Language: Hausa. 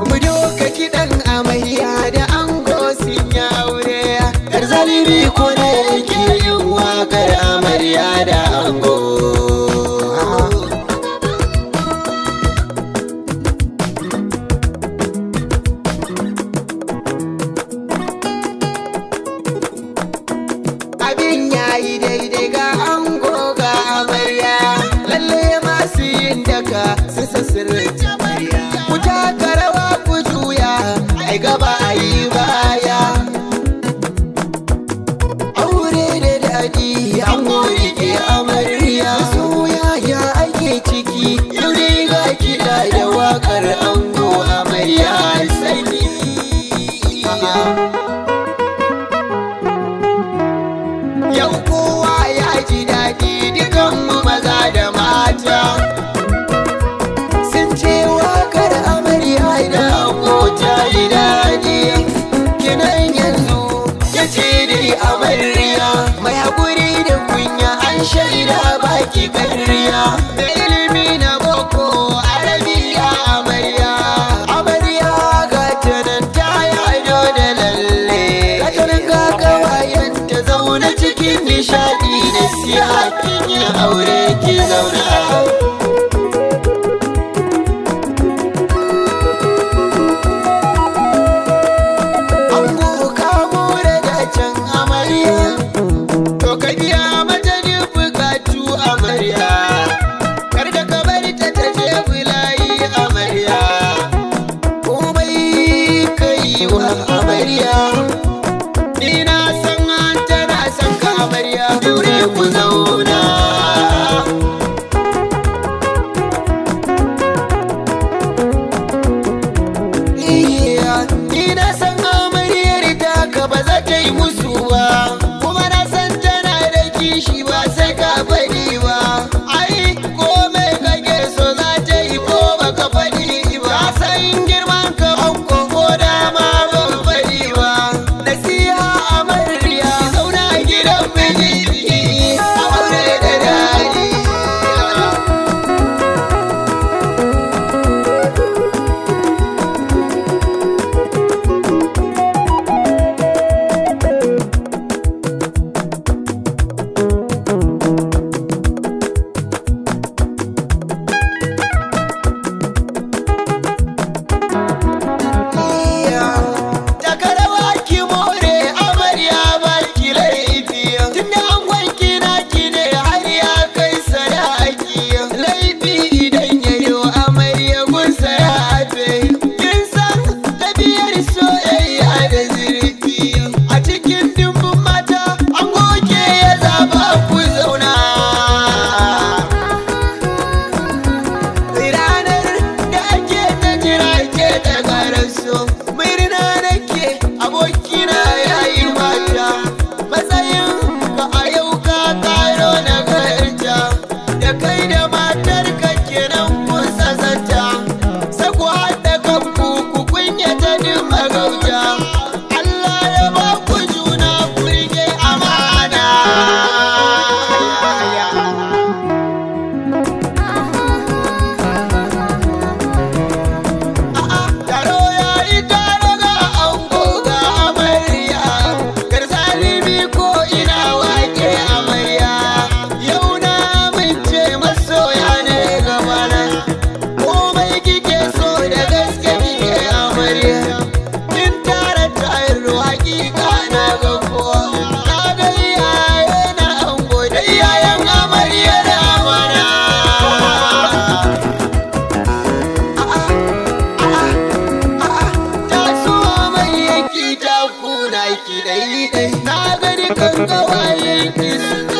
Budo kiɗan amayya da ango sun yaure, ƙarzaliri ko essa será baki ƙarya da ilimi na boko arabiya amarya amarya ga tanan ta yado da lalle katarin ga kawayen ta zauna cikin nishaɗi da siya kin aure ki zauna with I ta magauta ki dai dai na gari kan kawayen ki